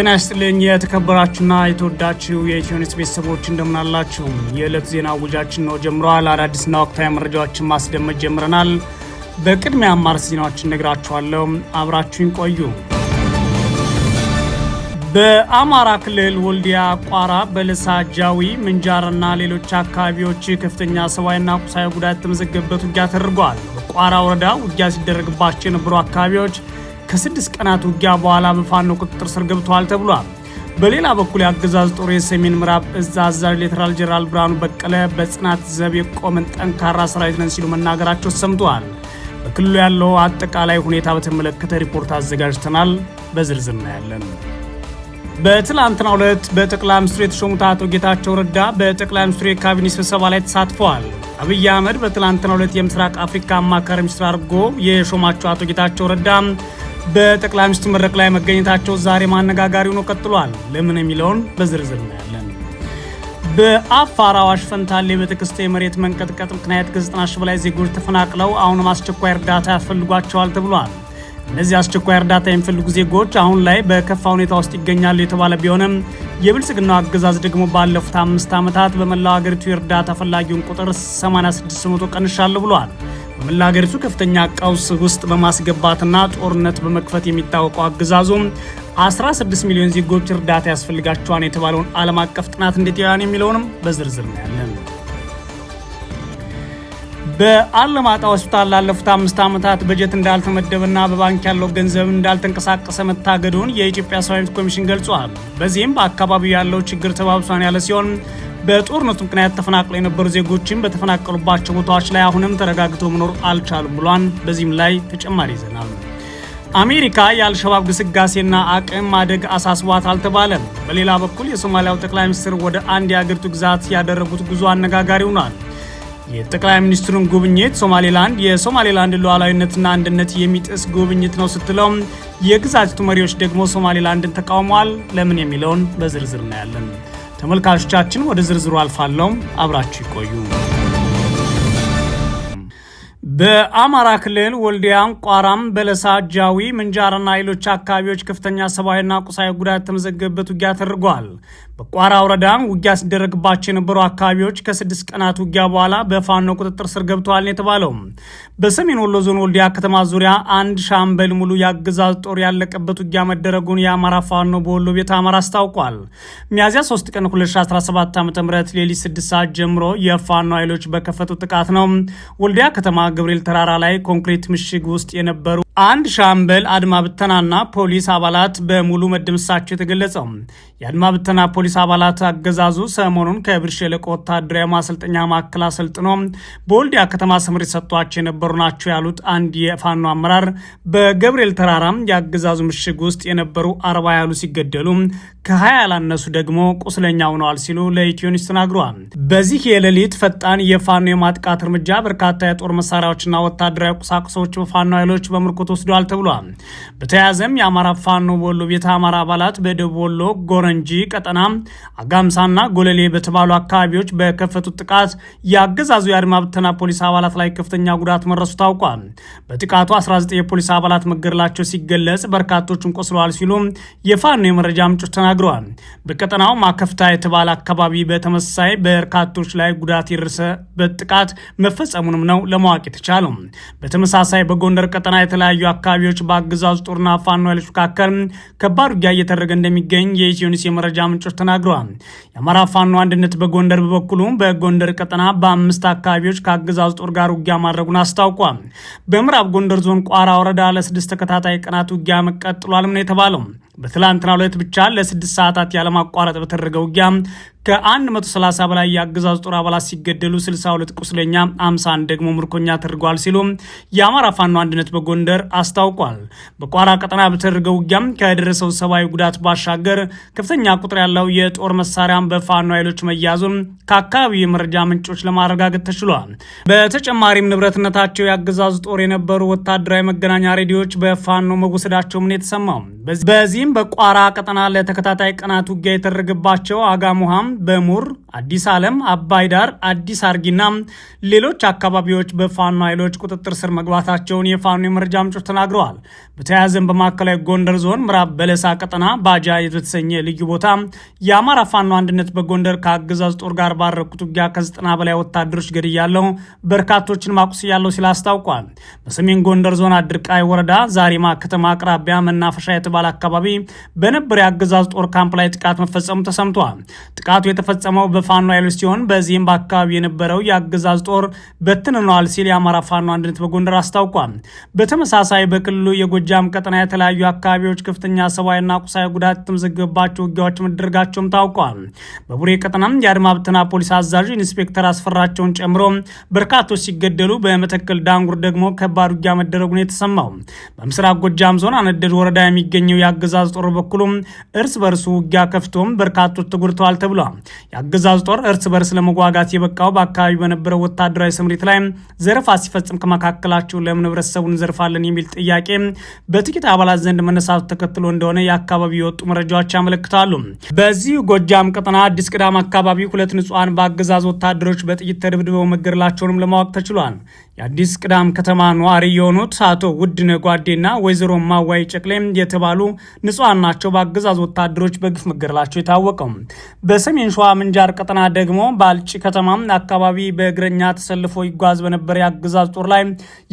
ጤና ይስጥልኝ የተከበራችሁና የተወዳችው የኢትዮኒስ ቤተሰቦች እንደምናላችሁ። የዕለት ዜና ውጃችን ነው ጀምረዋል። አዳዲስና ወቅታዊ መረጃዎችን ማስደመጥ ጀምረናል። በቅድሚያ አማርስ ዜናዎችን ነግራችኋለሁ። አብራችሁን ቆዩ። በአማራ ክልል ወልዲያ፣ ቋራ፣ በለሳ፣ ጃዊ፣ ምንጃርና ሌሎች አካባቢዎች ከፍተኛ ሰብአዊና ቁሳዊ ጉዳት የተመዘገበበት ውጊያ ተደርጓል። በቋራ ወረዳ ውጊያ ሲደረግባቸው የነበሩ አካባቢዎች ከስድስት ቀናት ውጊያ በኋላ በፋኖ ቁጥጥር ስር ገብተዋል ተብሏል። በሌላ በኩል የአገዛዝ ጦር የሰሜን ምዕራብ እዝ አዛዥ ሌተናል ጄኔራል ብርሃኑ በቀለ በጽናት ዘብ የቆመን ጠንካራ ሰራዊት ነን ሲሉ መናገራቸው ተሰምተዋል። በክልሉ ያለው አጠቃላይ ሁኔታ በተመለከተ ሪፖርት አዘጋጅተናል፣ በዝርዝር እናያለን። በትላንትና ዕለት በጠቅላይ ሚኒስትሩ የተሾሙት አቶ ጌታቸው ረዳ በጠቅላይ ሚኒስትሩ የካቢኔ ስብሰባ ላይ ተሳትፈዋል። አብይ አህመድ በትላንትና ዕለት የምስራቅ አፍሪካ አማካሪ ሚኒስትር አድርጎ የሾማቸው አቶ ጌታቸው ረዳ በጠቅላይ ሚኒስትር መድረክ ላይ መገኘታቸው ዛሬ ማነጋጋሪ ሆኖ ቀጥሏል። ለምን የሚለውን በዝርዝር እናያለን። በአፋር አዋሽ ፈንታሌ በተከሰተ የመሬት መንቀጥቀጥ ምክንያት ከዘጠና ሺህ በላይ ዜጎች ተፈናቅለው አሁንም አስቸኳይ እርዳታ ያስፈልጓቸዋል ተብሏል። እነዚህ አስቸኳይ እርዳታ የሚፈልጉ ዜጎች አሁን ላይ በከፋ ሁኔታ ውስጥ ይገኛሉ የተባለ ቢሆንም የብልጽግናው አገዛዝ ደግሞ ባለፉት አምስት ዓመታት በመላው ሀገሪቱ የእርዳታ ፈላጊውን ቁጥር 86 በመቶ ቀንሻለሁ ብሏል። በመላ ከፍተኛ ቀውስ ውስጥ በማስገባትና ጦርነት በመክፈት የሚታወቀው አገዛዙም 16 ሚሊዮን ዜጎች እርዳታ ያስፈልጋቸዋል የተባለውን ዓለም አቀፍ ጥናት እንዴት ያያን የሚለውንም በዝርዝር እናያለን። በአለማጣ ሆስፒታል ላለፉት አምስት ዓመታት በጀት እንዳልተመደበና በባንክ ያለው ገንዘብ እንዳልተንቀሳቀሰ መታገዱን የኢትዮጵያ ሰብአዊ መብት ኮሚሽን ገልጿል። በዚህም በአካባቢው ያለው ችግር ተባብሷን ያለ ሲሆን በጦርነቱ ምክንያት ተፈናቅለው የነበሩ ዜጎችም በተፈናቀሉባቸው ቦታዎች ላይ አሁንም ተረጋግተው መኖር አልቻሉም ብሏን። በዚህም ላይ ተጨማሪ ይዘናል። አሜሪካ የአልሸባብ ግስጋሴና አቅም ማደግ አሳስቧት አልተባለም። በሌላ በኩል የሶማሊያው ጠቅላይ ሚኒስትር ወደ አንድ የአገሪቱ ግዛት ያደረጉት ጉዞ አነጋጋሪ ሆኗል። የጠቅላይ ሚኒስትሩን ጉብኝት ሶማሌላንድ የሶማሌላንድ ሉዓላዊነትና አንድነት የሚጥስ ጉብኝት ነው ስትለው፣ የግዛቱ መሪዎች ደግሞ ሶማሌላንድን ተቃውመዋል። ለምን የሚለውን በዝርዝር እናያለን። ተመልካቾቻችን ወደ ዝርዝሩ አልፋለሁም፣ አብራችሁ ይቆዩ። በአማራ ክልል ወልዲያም፣ ቋራም፣ በለሳ፣ ጃዊ፣ ምንጃርና ሌሎች አካባቢዎች ከፍተኛ ሰብአዊና ቁሳዊ ጉዳት የተመዘገበበት ውጊያ ተደርጓል። በቋራ ወረዳ ውጊያ ሲደረግባቸው የነበሩ አካባቢዎች ከስድስት ቀናት ውጊያ በኋላ በፋኖ ቁጥጥር ስር ገብተዋል የተባለው። በሰሜን ወሎ ዞን ወልዲያ ከተማ ዙሪያ አንድ ሻምበል ሙሉ የአገዛዝ ጦር ያለቀበት ውጊያ መደረጉን የአማራ ፋኖ በወሎ ቤት አማራ አስታውቋል። ሚያዝያ 3 ቀን 2017 ዓ ም ሌሊት 6 ሰዓት ጀምሮ የፋኖ ኃይሎች በከፈቱ ጥቃት ነው ወልዲያ ከተማ ገብርኤል ተራራ ላይ ኮንክሪት ምሽግ ውስጥ የነበሩ አንድ ሻምበል አድማ ብተናና ፖሊስ አባላት በሙሉ መደመሰሳቸው የተገለጸው የአድማ ብተና ፖሊስ አባላት አገዛዙ ሰሞኑን ከብር ሸለቆ ወታደራዊ ማሰልጠኛ ማዕከል አሰልጥኖ በወልዲያ ከተማ ስምሪት ሰጥቷቸው የነበሩ ናቸው ያሉት አንድ የፋኖ አመራር በገብርኤል ተራራም የአገዛዙ ምሽግ ውስጥ የነበሩ አርባ ያሉ ሲገደሉ ከሀያ ያላነሱ ደግሞ ቁስለኛ ሆነዋል ሲሉ ለኢትዮኒስ ተናግረዋል። በዚህ የሌሊት ፈጣን የፋኖ የማጥቃት እርምጃ በርካታ የጦር መሳሪያዎችና ወታደራዊ ቁሳቁሶች በፋኖ ኃይሎች በምርኮ ተወስደዋል ተብሏል። በተያያዘም የአማራ ፋኖ ወሎ ቤተ አማራ አባላት በደቡብ ወሎ ጎረንጂ ቀጠና አጋምሳና ጎለሌ በተባሉ አካባቢዎች በከፈቱት ጥቃት የአገዛዙ የአድማ ብተና ፖሊስ አባላት ላይ ከፍተኛ ጉዳት መረሱ ታውቋል። በጥቃቱ 19 የፖሊስ አባላት መገደላቸው ሲገለጽ በርካቶችም ቆስለዋል ሲሉ የፋኖ የመረጃ ምንጮች ተናግረዋል። በቀጠናው ማከፍታ የተባለ አካባቢ በተመሳሳይ በርካቶች ላይ ጉዳት የደረሰበት ጥቃት መፈጸሙንም ነው ለማወቅ የተቻለው። በተመሳሳይ በጎንደር ቀጠና የተለያዩ በተለያዩ አካባቢዎች በአገዛዙ ጦርና ፋኖ ኃይሎች መካከል ከባድ ውጊያ እየተደረገ እንደሚገኝ የኢትዮኒስ የመረጃ ምንጮች ተናግረዋል። የአማራ ፋኖ አንድነት በጎንደር በበኩሉ በጎንደር ቀጠና በአምስት አካባቢዎች ከአገዛዙ ጦር ጋር ውጊያ ማድረጉን አስታውቋል። በምዕራብ ጎንደር ዞን ቋራ ወረዳ ለስድስት ተከታታይ ቀናት ውጊያ መቀጥሏልም ነው የተባለው። በትላንትና ዕለት ብቻ ለስድስት ሰዓታት ያለማቋረጥ በተደረገ ውጊያ ከ130 በላይ የአገዛዙ ጦር አባላት ሲገደሉ 62 ቁስለኛ፣ 51 ደግሞ ምርኮኛ ተደርጓል ሲሉ የአማራ ፋኖ አንድነት በጎንደር አስታውቋል። በቋራ ቀጠና በተደረገ ውጊያም ከደረሰው ሰብአዊ ጉዳት ባሻገር ከፍተኛ ቁጥር ያለው የጦር መሳሪያም በፋኖ ኃይሎች መያዙን ከአካባቢ የመረጃ ምንጮች ለማረጋገጥ ተችሏል። በተጨማሪም ንብረትነታቸው የአገዛዙ ጦር የነበሩ ወታደራዊ መገናኛ ሬዲዮዎች በፋኖ መወሰዳቸውም ነው የተሰማው። በዚህም በዚህም በቋራ ቀጠና ለተከታታይ ቀናት ውጊያ የተደረገባቸው አጋሙሃም፣ በሙር፣ አዲስ ዓለም፣ አባይዳር፣ አዲስ አርጊና ሌሎች አካባቢዎች በፋኖ ኃይሎች ቁጥጥር ስር መግባታቸውን የፋኖ የመረጃ ምንጮች ተናግረዋል። በተያያዘም በማዕከላዊ ጎንደር ዞን ምዕራብ በለሳ ቀጠና ባጃ የተሰኘ ልዩ ቦታ የአማራ ፋኖ አንድነት በጎንደር ከአገዛዝ ጦር ጋር ባረኩት ውጊያ ከዘጠና በላይ ወታደሮች ገድያለሁ፣ በርካቶችን ያለው ሲል አስታውቋል። በሰሜን ጎንደር ዞን አድርቃይ ወረዳ ዛሪማ ከተማ አቅራቢያ መናፈሻ የተባለ አካባቢ በነበረው የአገዛዝ ጦር ካምፕ ላይ ጥቃት መፈጸሙ ተሰምቷል። ጥቃቱ የተፈጸመው በፋኖ ኃይሎች ሲሆን በዚህም በአካባቢ የነበረው የአገዛዝ ጦር በትንኗል ሲል የአማራ ፋኖ አንድነት በጎንደር አስታውቋል። በተመሳሳይ በክልሉ የጎጃም ቀጠና የተለያዩ አካባቢዎች ከፍተኛ ሰብአዊና ቁሳዊ ጉዳት የተመዘገበባቸው ውጊያዎች መደረጋቸውም ታውቋል። በቡሬ ቀጠና የአድማ ብተና ፖሊስ አዛዥ ኢንስፔክተር አስፈራቸውን ጨምሮ በርካቶች ሲገደሉ፣ በመተከል ዳንጉር ደግሞ ከባድ ውጊያ መደረጉን የተሰማው በምስራቅ ጎጃም ዞን አነደድ ወረዳ የሚገኘው የአገዛዝ የአገዛዝ ጦር በኩሉም እርስ በርሱ ውጊያ ከፍቶም በርካቶች ተጎድተዋል ተብሏል። የአገዛዝ ጦር እርስ በርስ ለመዋጋት የበቃው በአካባቢ በነበረው ወታደራዊ ስምሪት ላይ ዘረፋ ሲፈጽም ከመካከላቸው ለምን ህብረተሰቡን እንዘርፋለን የሚል ጥያቄ በጥቂት አባላት ዘንድ መነሳቱ ተከትሎ እንደሆነ የአካባቢው የወጡ መረጃዎች ያመለክታሉ። በዚህ ጎጃም ቀጠና አዲስ ቅዳም አካባቢ ሁለት ንጹሐን በአገዛዝ ወታደሮች በጥይት ተደብድበው መገደላቸውንም ለማወቅ ተችሏል። የአዲስ ቅዳም ከተማ ነዋሪ የሆኑት አቶ ውድነ ጓዴና ወይዘሮ ማዋይ ጨቅሌ የተባሉ ንጹሐን ናቸው በአገዛዝ ወታደሮች በግፍ መገደላቸው የታወቀው። በሰሜን ሸዋ ምንጃር ቀጠና ደግሞ በአልጭ ከተማ አካባቢ በእግረኛ ተሰልፎ ይጓዝ በነበረ የአገዛዝ ጦር ላይ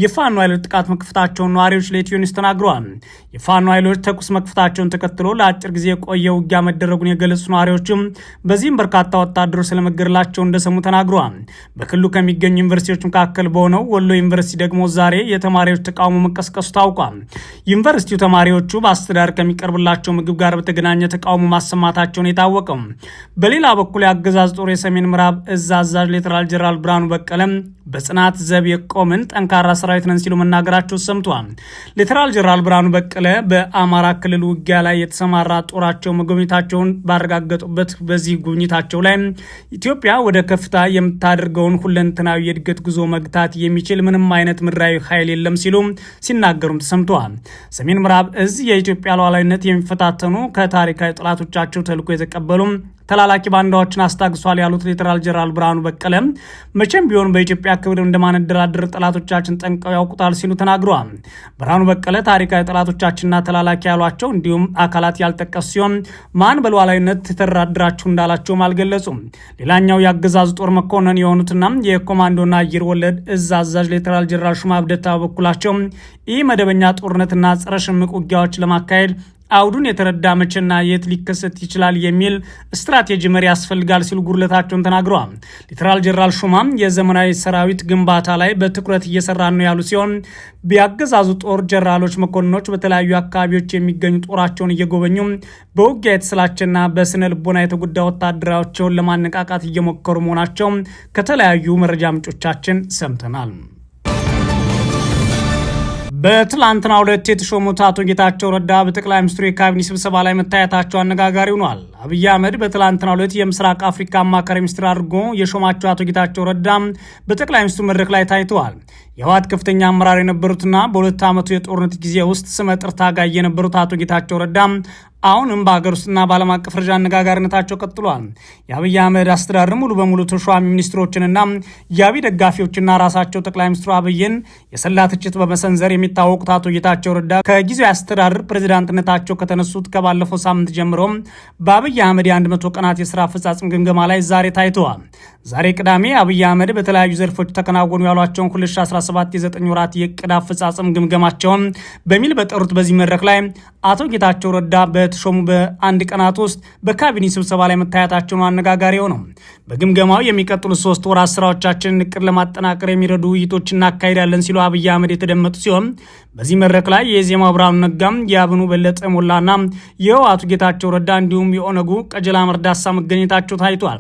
የፋኖ ኃይሎች ጥቃት መክፈታቸውን ነዋሪዎች ለኢትዮ ኒውስ ተናግረዋል። የፋኖ ኃይሎች ተኩስ መክፈታቸውን ተከትሎ ለአጭር ጊዜ የቆየ ውጊያ መደረጉን የገለጹ ነዋሪዎችም በዚህም በርካታ ወታደሮች ስለመገደላቸው እንደሰሙ ተናግረዋል። በክልሉ ከሚገኙ ዩኒቨርሲቲዎች መካከል በሆነው ወሎ ዩኒቨርሲቲ ደግሞ ዛሬ የተማሪዎች ተቃውሞ መቀስቀሱ ታውቋል። ዩኒቨርሲቲው ተማሪዎቹ በአስተዳደር ከሚቀ ከሚቀርብላቸው ምግብ ጋር በተገናኘ ተቃውሞ ማሰማታቸውን የታወቀው። በሌላ በኩል የአገዛዝ ጦር የሰሜን ምዕራብ እዝ አዛዥ ሌተናል ጄኔራል ብርሃኑ በቀለም በጽናት ዘብ የቆምን ጠንካራ ሰራዊት ነን ሲሉ መናገራቸው ሰምቷል። ሌተናል ጀነራል ብርሃኑ በቀለ በአማራ ክልል ውጊያ ላይ የተሰማራ ጦራቸው መጎብኘታቸውን ባረጋገጡበት በዚህ ጉብኝታቸው ላይ ኢትዮጵያ ወደ ከፍታ የምታደርገውን ሁለንትናዊ የእድገት ጉዞ መግታት የሚችል ምንም አይነት ምድራዊ ኃይል የለም ሲሉ ሲናገሩም ተሰምተዋል። ሰሜን ምዕራብ እዝ የኢትዮጵያ ሉዓላዊነት የሚፈታተኑ ከታሪካዊ ጠላቶቻቸው ተልዕኮ የተቀበሉ ተላላኪ ባንዳዎችን አስታግሷል ያሉት ሌተናል ጀነራል ብርሃኑ በቀለ መቼም ቢሆን በኢትዮጵያ ክብር እንደማንደራደር ጠላቶቻችን ጠንቀው ያውቁታል ሲሉ ተናግረዋል። ብርሃኑ በቀለ ታሪካዊ ጠላቶቻችንና ተላላኪ ያሏቸው እንዲሁም አካላት ያልጠቀሱ ሲሆን ማን በሉዓላዊነት የተደራደራችሁ እንዳላቸውም አልገለጹም። ሌላኛው የአገዛዙ ጦር መኮንን የሆኑትና የኮማንዶና አየር ወለድ እዝ አዛዥ ሌተናል ጀነራል ሹማ ብደታ በበኩላቸው ኢ መደበኛ ጦርነትና ጸረ ሽምቅ ውጊያዎች ለማካሄድ አውዱን የተረዳ መቼና የት ሊከሰት ይችላል የሚል ስትራቴጂ መሪ ያስፈልጋል ሲሉ ጉድለታቸውን ተናግረዋል። ሌተናል ጀነራል ሹማ የዘመናዊ ሰራዊት ግንባታ ላይ በትኩረት እየሰራ ነው ያሉ ሲሆን ቢያገዛዙ ጦር ጀነራሎች፣ መኮንኖች በተለያዩ አካባቢዎች የሚገኙ ጦራቸውን እየጎበኙ በውጊያ የተስላቸና በስነ ልቦና የተጎዳ ወታደራቸውን ለማነቃቃት እየሞከሩ መሆናቸው ከተለያዩ መረጃ ምንጮቻችን ሰምተናል። በትላንትና ሁለት የተሾሙት አቶ ጌታቸው ረዳ በጠቅላይ ሚኒስትሩ የካቢኔ ስብሰባ ላይ መታየታቸው አነጋጋሪ ሆኗል። አብይ አህመድ በትላንትና ሁለት የምስራቅ አፍሪካ አማካሪ ሚኒስትር አድርጎ የሾማቸው አቶ ጌታቸው ረዳ በጠቅላይ ሚኒስትሩ መድረክ ላይ ታይተዋል። የህወሓት ከፍተኛ አመራር የነበሩትና በሁለት ዓመቱ የጦርነት ጊዜ ውስጥ ስመጥር ታጋይ የነበሩት አቶ ጌታቸው ረዳ አሁንም በሀገር ውስጥና በዓለም አቀፍ ደረጃ አነጋጋሪነታቸው ቀጥሏል። የአብይ አህመድ አስተዳደር ሙሉ በሙሉ ተሿሚ ሚኒስትሮችንና የአብይ ደጋፊዎችና ራሳቸው ጠቅላይ ሚኒስትሩ አብይን የሰላ ትችት በመሰንዘር የሚታወቁት አቶ ጌታቸው ረዳ ከጊዜያዊ አስተዳደር ፕሬዚዳንትነታቸው ከተነሱት ከባለፈው ሳምንት ጀምሮ በአብይ አህመድ የአንድ መቶ ቀናት የስራ አፈጻጽም ግምገማ ላይ ዛሬ ታይተዋል። ዛሬ ቅዳሜ አብይ አህመድ በተለያዩ ዘርፎች ተከናወኑ ያሏቸውን 2017 የዘጠኝ ወራት የቅድ አፈጻጽም ግምገማቸውን በሚል በጠሩት በዚህ መድረክ ላይ አቶ ጌታቸው ረዳ በት የተሾሙ በአንድ ቀናት ውስጥ በካቢኔ ስብሰባ ላይ መታየታቸውን አነጋጋሪ ሆነ በግምገማው የሚቀጥሉት ሶስት ወራት ስራዎቻችንን እቅድ ለማጠናቀር የሚረዱ ውይይቶች እናካሄዳለን ሲሉ አብይ አህመድ የተደመጡ ሲሆን በዚህ መድረክ ላይ የዜማ ብርሃኑ ነጋም፣ የአብኑ በለጠ ሞላና የህወሓቱ ጌታቸው ረዳ እንዲሁም የኦነጉ ቀጀላ መርዳሳ መገኘታቸው ታይቷል።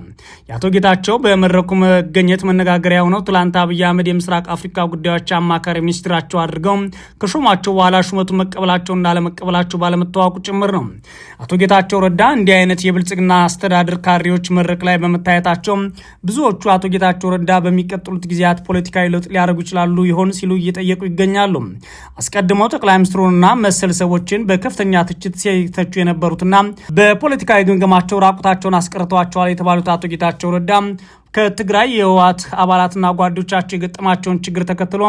የአቶ ጌታቸው በመድረኩ መገኘት መነጋገሪያ ሆነው ትላንት አብይ አህመድ የምስራቅ አፍሪካ ጉዳዮች አማካሪ ሚኒስትራቸው አድርገው ከሾማቸው በኋላ ሹመቱን መቀበላቸው ለመቀበላቸው ባለመታወቁ ጭምር ነው። አቶ ጌታቸው ረዳ እንዲህ አይነት የብልጽግና አስተዳደር ካሪዎች መድረክ ላይ በመታየታቸው ብዙዎቹ አቶ ጌታቸው ረዳ በሚቀጥሉት ጊዜያት ፖለቲካዊ ለውጥ ሊያደርጉ ይችላሉ ይሆን ሲሉ እየጠየቁ ይገኛሉ። አስቀድመው ጠቅላይ ሚኒስትሩንና መሰል ሰዎችን በከፍተኛ ትችት ሲተቹ የነበሩትና በፖለቲካዊ ግምገማቸው ራቁታቸውን አስቀርተዋቸዋል የተባሉት አቶ ጌታቸው ረዳ ከትግራይ የህወሓት አባላትና ጓዶቻቸው የገጠማቸውን ችግር ተከትሎ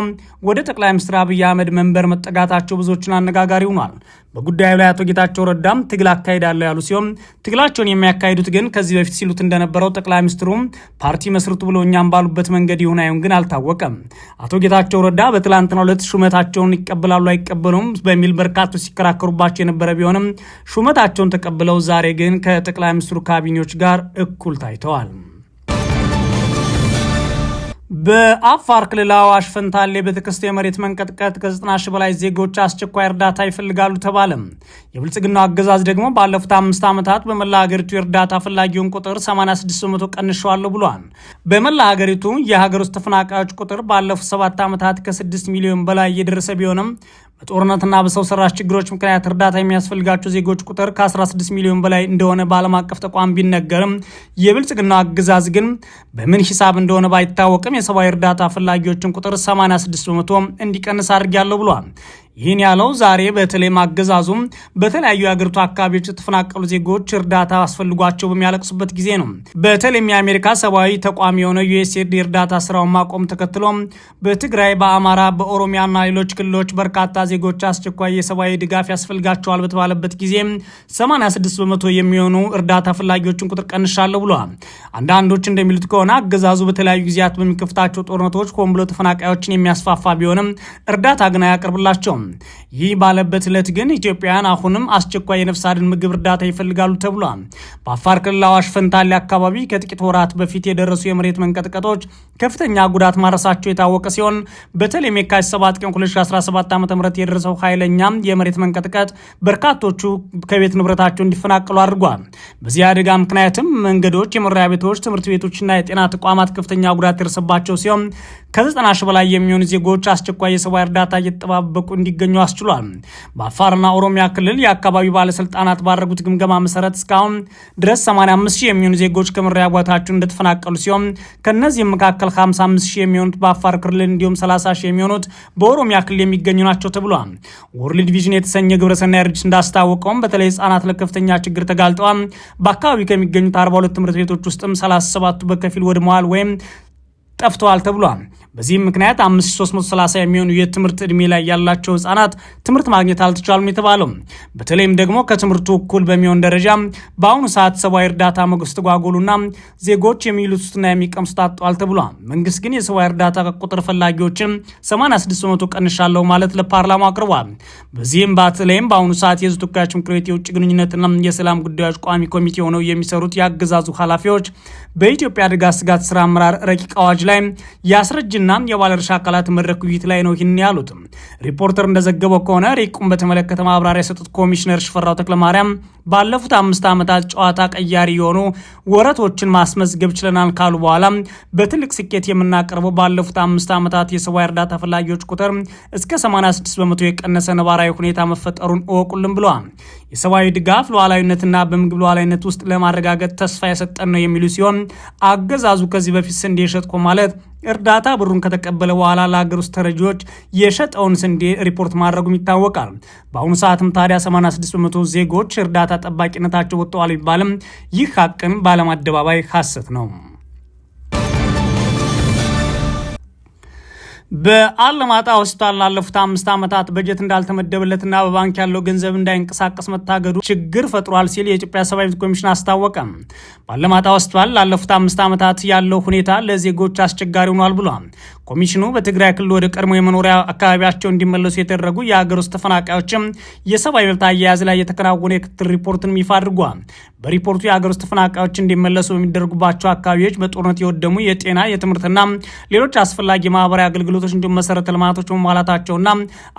ወደ ጠቅላይ ሚኒስትር አብይ አህመድ መንበር መጠጋታቸው ብዙዎችን አነጋጋሪ ሆኗል። በጉዳዩ ላይ አቶ ጌታቸው ረዳም ትግል አካሄዳለሁ ያሉ ሲሆን ትግላቸውን የሚያካሂዱት ግን ከዚህ በፊት ሲሉት እንደነበረው ጠቅላይ ሚኒስትሩም ፓርቲ መስርቱ ብሎ እኛም ባሉበት መንገድ ይሁን አይሁን ግን አልታወቀም። አቶ ጌታቸው ረዳ በትላንትናው ዕለት ሹመታቸውን ይቀበላሉ አይቀበሉም በሚል በርካቶች ሲከራከሩባቸው የነበረ ቢሆንም ሹመታቸውን ተቀብለው ዛሬ ግን ከጠቅላይ ሚኒስትሩ ካቢኔዎች ጋር እኩል ታይተዋል። በአፋር ክልል አዋሽ ፈንታሌ በትዕግስት የመሬት መንቀጥቀጥ ከዘጠና ሺህ በላይ ዜጎች አስቸኳይ እርዳታ ይፈልጋሉ ተባለ። የብልጽግናው አገዛዝ ደግሞ ባለፉት አምስት ዓመታት በመላ ሀገሪቱ የእርዳታ ፈላጊውን ቁጥር 86 በመቶ ቀንሸዋለሁ ብሏል። በመላ ሀገሪቱ የሀገር ውስጥ ተፈናቃዮች ቁጥር ባለፉት ሰባት ዓመታት ከ6 ሚሊዮን በላይ እየደረሰ ቢሆንም በጦርነትና በሰው ሰራሽ ችግሮች ምክንያት እርዳታ የሚያስፈልጋቸው ዜጎች ቁጥር ከ16 ሚሊዮን በላይ እንደሆነ በዓለም አቀፍ ተቋም ቢነገርም የብልጽግናው አገዛዝ ግን በምን ሂሳብ እንደሆነ ባይታወቅም የሰብአዊ እርዳታ ፈላጊዎችን ቁጥር 86 በመቶ እንዲቀንስ አድርጊያለሁ ብሏል። ይህን ያለው ዛሬ በተለይም ማገዛዙም በተለያዩ የአገሪቱ አካባቢዎች የተፈናቀሉ ዜጎች እርዳታ አስፈልጓቸው በሚያለቅሱበት ጊዜ ነው። በተለይም የአሜሪካ ሰብአዊ ተቋም የሆነ ዩኤስኤድ የእርዳታ ስራውን ማቆም ተከትሎ በትግራይ፣ በአማራ፣ በኦሮሚያና ሌሎች ክልሎች በርካታ ዜጎች አስቸኳይ የሰብአዊ ድጋፍ ያስፈልጋቸዋል በተባለበት ጊዜ 86 በመቶ የሚሆኑ እርዳታ ፈላጊዎችን ቁጥር ቀንሻለሁ ብሏል። አንዳንዶች እንደሚሉት ከሆነ አገዛዙ በተለያዩ ጊዜያት በሚከፍታቸው ጦርነቶች ሆን ብሎ ተፈናቃዮችን የሚያስፋፋ ቢሆንም እርዳታ ግን አያቀርብላቸውም። ይህ ባለበት ዕለት ግን ኢትዮጵያውያን አሁንም አስቸኳይ የነፍስ አድን ምግብ እርዳታ ይፈልጋሉ ተብሏል። በአፋር ክልል አዋሽ ፈንታሌ አካባቢ ከጥቂት ወራት በፊት የደረሱ የመሬት መንቀጥቀጦች ከፍተኛ ጉዳት ማድረሳቸው የታወቀ ሲሆን በተለይም የካቲት 7 ቀን 2017 ዓ ም የደረሰው ኃይለኛ የመሬት መንቀጥቀጥ በርካቶቹ ከቤት ንብረታቸው እንዲፈናቀሉ አድርጓል። በዚህ አደጋ ምክንያትም መንገዶች፣ የመኖሪያ ቤቶች፣ ትምህርት ቤቶችና የጤና ተቋማት ከፍተኛ ጉዳት የደረሰባቸው ሲሆን ከዘጠና ሺህ በላይ የሚሆኑ ዜጎች አስቸኳይ የሰብአዊ እርዳታ እየተጠባበቁ እንዲገኙ አስችሏል። በአፋርና ኦሮሚያ ክልል የአካባቢው ባለስልጣናት ባደረጉት ግምገማ መሰረት እስካሁን ድረስ 85 ሺህ የሚሆኑ ዜጎች ከመኖሪያ ቦታቸው እንደተፈናቀሉ ሲሆን ከእነዚህም መካከል 55 ሺህ የሚሆኑት በአፋር ክልል እንዲሁም 30 ሺህ የሚሆኑት በኦሮሚያ ክልል የሚገኙ ናቸው ተብሏል። ወርልድ ቪዥን የተሰኘ ግብረሰናይ ድርጅት እንዳስታወቀውም በተለይ ህጻናት ለከፍተኛ ችግር ተጋልጠዋል። በአካባቢው ከሚገኙት 42 ትምህርት ቤቶች ውስጥም 37ቱ በከፊል ወድመዋል ወይም ጠፍተዋል ተብሏል። በዚህም ምክንያት 5330 የሚሆኑ የትምህርት ዕድሜ ላይ ያላቸው ህጻናት ትምህርት ማግኘት አልተቻሉም የተባለው በተለይም ደግሞ ከትምህርቱ እኩል በሚሆን ደረጃ በአሁኑ ሰዓት ሰብአዊ እርዳታ መስተጓጎሉና ዜጎች የሚሉትና የሚቀምሱት አጥተዋል ተብሏል። መንግስት ግን የሰብአዊ እርዳታ ቁጥር ፈላጊዎችን 86 በመቶ ቀንሻለሁ ማለት ለፓርላማው አቅርቧል። በዚህም በተለይም በአሁኑ ሰዓት የህዝብ ተወካዮች ምክር ቤት የውጭ ግንኙነትና የሰላም ጉዳዮች ቋሚ ኮሚቴ ሆነው የሚሰሩት የአገዛዙ ኃላፊዎች በኢትዮጵያ አደጋ ስጋት ስራ አመራር ረቂቅ አዋጅ ላይም የአስረጅና የባለድርሻ አካላት መድረክ ውይይት ላይ ነው ይህን ያሉት ሪፖርተር እንደዘገበው ከሆነ ሪቁን በተመለከተ ማብራሪያ የሰጡት ኮሚሽነር ሽፈራው ተክለማርያም ባለፉት አምስት ዓመታት ጨዋታ ቀያሪ የሆኑ ወረቶችን ማስመዝገብ ችለናል ካሉ በኋላ በትልቅ ስኬት የምናቀርበው ባለፉት አምስት ዓመታት የሰብአዊ እርዳታ ፈላጊዎች ቁጥር እስከ 86 በመቶ የቀነሰ ነባራዊ ሁኔታ መፈጠሩን እወቁልን ብለዋል። የሰብአዊ ድጋፍ ሉዓላዊነትና በምግብ ሉዓላዊነት ውስጥ ለማረጋገጥ ተስፋ የሰጠን ነው የሚሉ ሲሆን አገዛዙ ከዚህ በፊት ስንዴ ሸጥኮ ማለት እርዳታ ብሩን ከተቀበለ በኋላ ለሀገር ውስጥ ተረጂዎች የሸጠውን ስንዴ ሪፖርት ማድረጉም ይታወቃል። በአሁኑ ሰዓትም ታዲያ 86 በመቶ ዜጎች እርዳታ ጠባቂነታቸው ወጥተዋል ቢባልም ይህ ሀቅን በዓለም አደባባይ ነው። በአለማጣ ሆስፒታል ላለፉት አምስት ዓመታት በጀት እንዳልተመደበለትና በባንክ ያለው ገንዘብ እንዳይንቀሳቀስ መታገዱ ችግር ፈጥሯል ሲል የኢትዮጵያ ሰብአዊ መብት ኮሚሽን አስታወቀ። በአለማጣ ሆስፒታል ላለፉት አምስት ዓመታት ያለው ሁኔታ ለዜጎች አስቸጋሪ ሆኗል ብሏል። ኮሚሽኑ በትግራይ ክልል ወደ ቀድሞ የመኖሪያ አካባቢያቸው እንዲመለሱ የተደረጉ የሀገር ውስጥ ተፈናቃዮችም የሰብአዊ መብት አያያዝ ላይ የተከናወነ የክትትል ሪፖርትን ይፋ አድርጓል። በሪፖርቱ የሀገር ውስጥ ተፈናቃዮች እንዲመለሱ በሚደረጉባቸው አካባቢዎች በጦርነት የወደሙ የጤና የትምህርትና ሌሎች አስፈላጊ ማህበራዊ አገልግሎት አገልግሎቶች እንዲሁም መሰረተ ልማቶች መሟላታቸውና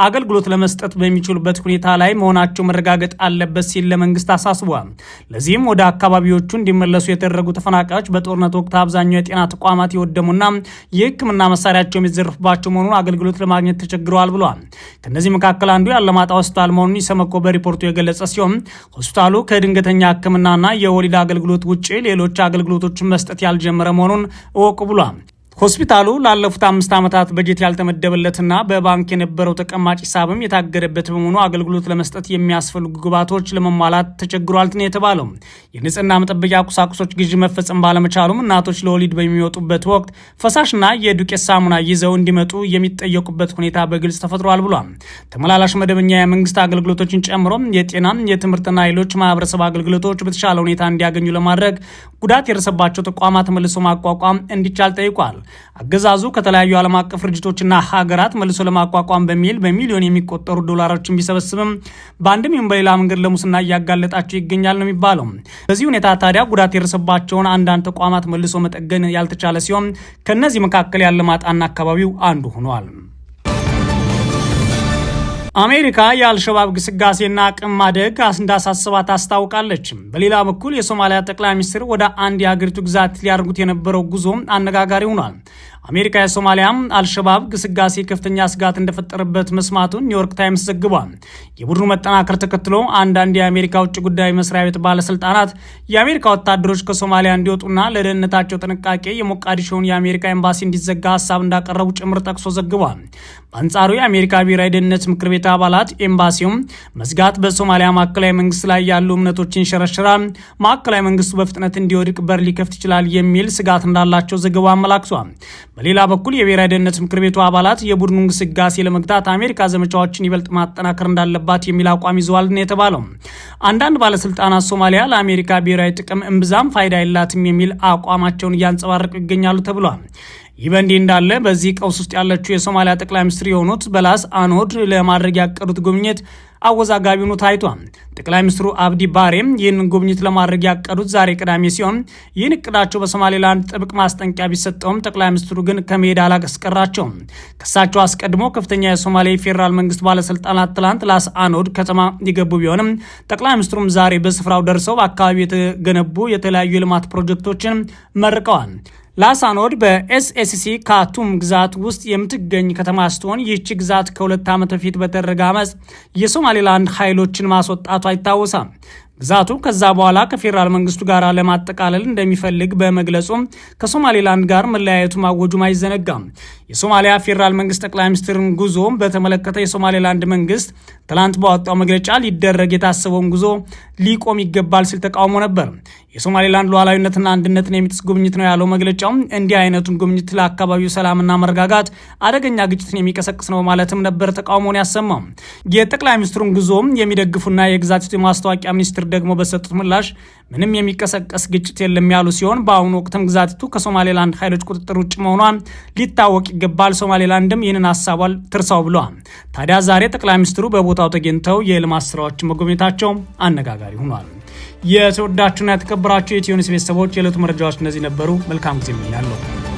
አገልግሎት ለመስጠት በሚችሉበት ሁኔታ ላይ መሆናቸው መረጋገጥ አለበት ሲል ለመንግስት አሳስቧል። ለዚህም ወደ አካባቢዎቹ እንዲመለሱ የተደረጉ ተፈናቃዮች በጦርነት ወቅት አብዛኛው የጤና ተቋማት የወደሙና የሕክምና መሳሪያቸው የሚዘርፍባቸው መሆኑን አገልግሎት ለማግኘት ተቸግረዋል ብሏል። ከእነዚህ መካከል አንዱ ያለማጣ ሆስፒታል መሆኑን ኢሰመኮ በሪፖርቱ የገለጸ ሲሆን ሆስፒታሉ ከድንገተኛ ሕክምናና የወሊድ አገልግሎት ውጭ ሌሎች አገልግሎቶችን መስጠት ያልጀመረ መሆኑን እወቁ ብሏል። ሆስፒታሉ ላለፉት አምስት ዓመታት በጀት ያልተመደበለትና በባንክ የነበረው ተቀማጭ ሂሳብም የታገደበት በመሆኑ አገልግሎት ለመስጠት የሚያስፈልጉ ግባቶች ለመሟላት ተቸግሯል ነው የተባለው። የንጽህና መጠበቂያ ቁሳቁሶች ግዥ መፈጸም ባለመቻሉም እናቶች ለወሊድ በሚወጡበት ወቅት ፈሳሽና የዱቄት ሳሙና ይዘው እንዲመጡ የሚጠየቁበት ሁኔታ በግልጽ ተፈጥሯል ብሏል። ተመላላሽ መደበኛ የመንግስት አገልግሎቶችን ጨምሮ የጤና፣ የትምህርትና ሌሎች ማህበረሰብ አገልግሎቶች በተሻለ ሁኔታ እንዲያገኙ ለማድረግ ጉዳት የደረሰባቸው ተቋማት መልሶ ማቋቋም እንዲቻል ጠይቋል። አገዛዙ ከተለያዩ ዓለም አቀፍ ድርጅቶችና ሀገራት መልሶ ለማቋቋም በሚል በሚሊዮን የሚቆጠሩ ዶላሮችን ቢሰበስብም በአንድም ይሁን በሌላ መንገድ ለሙስና እያጋለጣቸው ይገኛል ነው የሚባለው። በዚህ ሁኔታ ታዲያ ጉዳት የደረሰባቸውን አንዳንድ ተቋማት መልሶ መጠገን ያልተቻለ ሲሆን ከእነዚህ መካከል ያለማጣና አካባቢው አንዱ ሆኗል። አሜሪካ የአልሸባብ ግስጋሴና አቅም ማደግ እንዳሳስባት አስታውቃለች። በሌላ በኩል የሶማሊያ ጠቅላይ ሚኒስትር ወደ አንድ የሀገሪቱ ግዛት ሊያደርጉት የነበረው ጉዞም አነጋጋሪ ሆኗል። አሜሪካ የሶማሊያም አልሸባብ ግስጋሴ ከፍተኛ ስጋት እንደፈጠረበት መስማቱን ኒውዮርክ ታይምስ ዘግቧል። የቡድኑ መጠናከር ተከትሎ አንዳንድ የአሜሪካ ውጭ ጉዳይ መስሪያ ቤት ባለስልጣናት የአሜሪካ ወታደሮች ከሶማሊያ እንዲወጡና ለደህንነታቸው ጥንቃቄ የሞቃዲሾውን የአሜሪካ ኤምባሲ እንዲዘጋ ሀሳብ እንዳቀረቡ ጭምር ጠቅሶ ዘግቧል። በአንጻሩ የአሜሪካ ብሔራዊ ደህንነት ምክር ቤት አባላት ኤምባሲውም መዝጋት በሶማሊያ ማዕከላዊ መንግስት ላይ ያሉ እምነቶችን ይሸረሽራል፣ ማዕከላዊ መንግስቱ በፍጥነት እንዲወድቅ በር ሊከፍት ይችላል የሚል ስጋት እንዳላቸው ዘገባ አመላክቷል። በሌላ በኩል የብሔራዊ ደህንነት ምክር ቤቱ አባላት የቡድኑን ግስጋሴ ለመግታት አሜሪካ ዘመቻዎችን ይበልጥ ማጠናከር እንዳለባት የሚል አቋም ይዘዋል ነው የተባለው። አንዳንድ ባለስልጣናት ሶማሊያ ለአሜሪካ ብሔራዊ ጥቅም እምብዛም ፋይዳ የላትም የሚል አቋማቸውን እያንጸባረቁ ይገኛሉ ተብሏል። ይህ በእንዲህ እንዳለ በዚህ ቀውስ ውስጥ ያለችው የሶማሊያ ጠቅላይ ሚኒስትር የሆኑት በላስ አኖድ ለማድረግ ያቀዱት ጉብኝት አወዛጋቢ ሆኖ ታይቷል። ጠቅላይ ሚኒስትሩ አብዲ ባሬም ይህን ጉብኝት ለማድረግ ያቀዱት ዛሬ ቅዳሜ ሲሆን ይህን እቅዳቸው በሶማሌላንድ ጥብቅ ማስጠንቀቂያ ቢሰጠውም ጠቅላይ ሚኒስትሩ ግን ከመሄድ አላቀስቀራቸውም። ከሳቸው አስቀድሞ ከፍተኛ የሶማሌ ፌዴራል መንግስት ባለስልጣናት ትላንት ላስ አኖድ ከተማ የገቡ ቢሆንም ጠቅላይ ሚኒስትሩም ዛሬ በስፍራው ደርሰው በአካባቢው የተገነቡ የተለያዩ የልማት ፕሮጀክቶችን መርቀዋል። ላሳኖድ በኤስኤስሲ ካቱም ግዛት ውስጥ የምትገኝ ከተማ ስትሆን ይህቺ ግዛት ከሁለት ዓመት በፊት በተደረገ አመፅ የሶማሌላንድ ኃይሎችን ማስወጣቷ ይታወሳል። ግዛቱ ከዛ በኋላ ከፌዴራል መንግስቱ ጋር ለማጠቃለል እንደሚፈልግ በመግለጹም ከሶማሌላንድ ጋር መለያየቱ ማወጁም አይዘነጋም። የሶማሊያ ፌዴራል መንግስት ጠቅላይ ሚኒስትርን ጉዞ በተመለከተ የሶማሌላንድ መንግስት ትላንት ባወጣው መግለጫ ሊደረግ የታሰበውን ጉዞ ሊቆም ይገባል ሲል ተቃውሞ ነበር። የሶማሌላንድ ሉዓላዊነትና አንድነትን የሚጥስ ጉብኝት ነው ያለው መግለጫው እንዲህ አይነቱን ጉብኝት ለአካባቢው ሰላምና መረጋጋት አደገኛ ግጭትን የሚቀሰቅስ ነው ማለትም ነበር ተቃውሞን ያሰማው። የጠቅላይ ሚኒስትሩን ጉዞ የሚደግፉና የግዛት የማስታወቂያ ሚኒስትር ደግሞ በሰጡት ምላሽ ምንም የሚቀሰቀስ ግጭት የለም ያሉ ሲሆን በአሁኑ ወቅትም ግዛቲቱ ከሶማሌላንድ ኃይሎች ቁጥጥር ውጭ መሆኗን ሊታወቅ ይገባል። ሶማሌላንድም ይህንን ሀሳቧል ትርሳው ብለዋል። ታዲያ ዛሬ ጠቅላይ ሚኒስትሩ በቦታው ተገኝተው የልማት ስራዎችን መጎብኘታቸው አነጋጋሪ ሆኗል። የተወዳችሁና የተከበራችሁ የኢትዮ ኒውስ ቤተሰቦች የዕለቱ መረጃዎች እነዚህ ነበሩ። መልካም ጊዜ እመኛለሁ።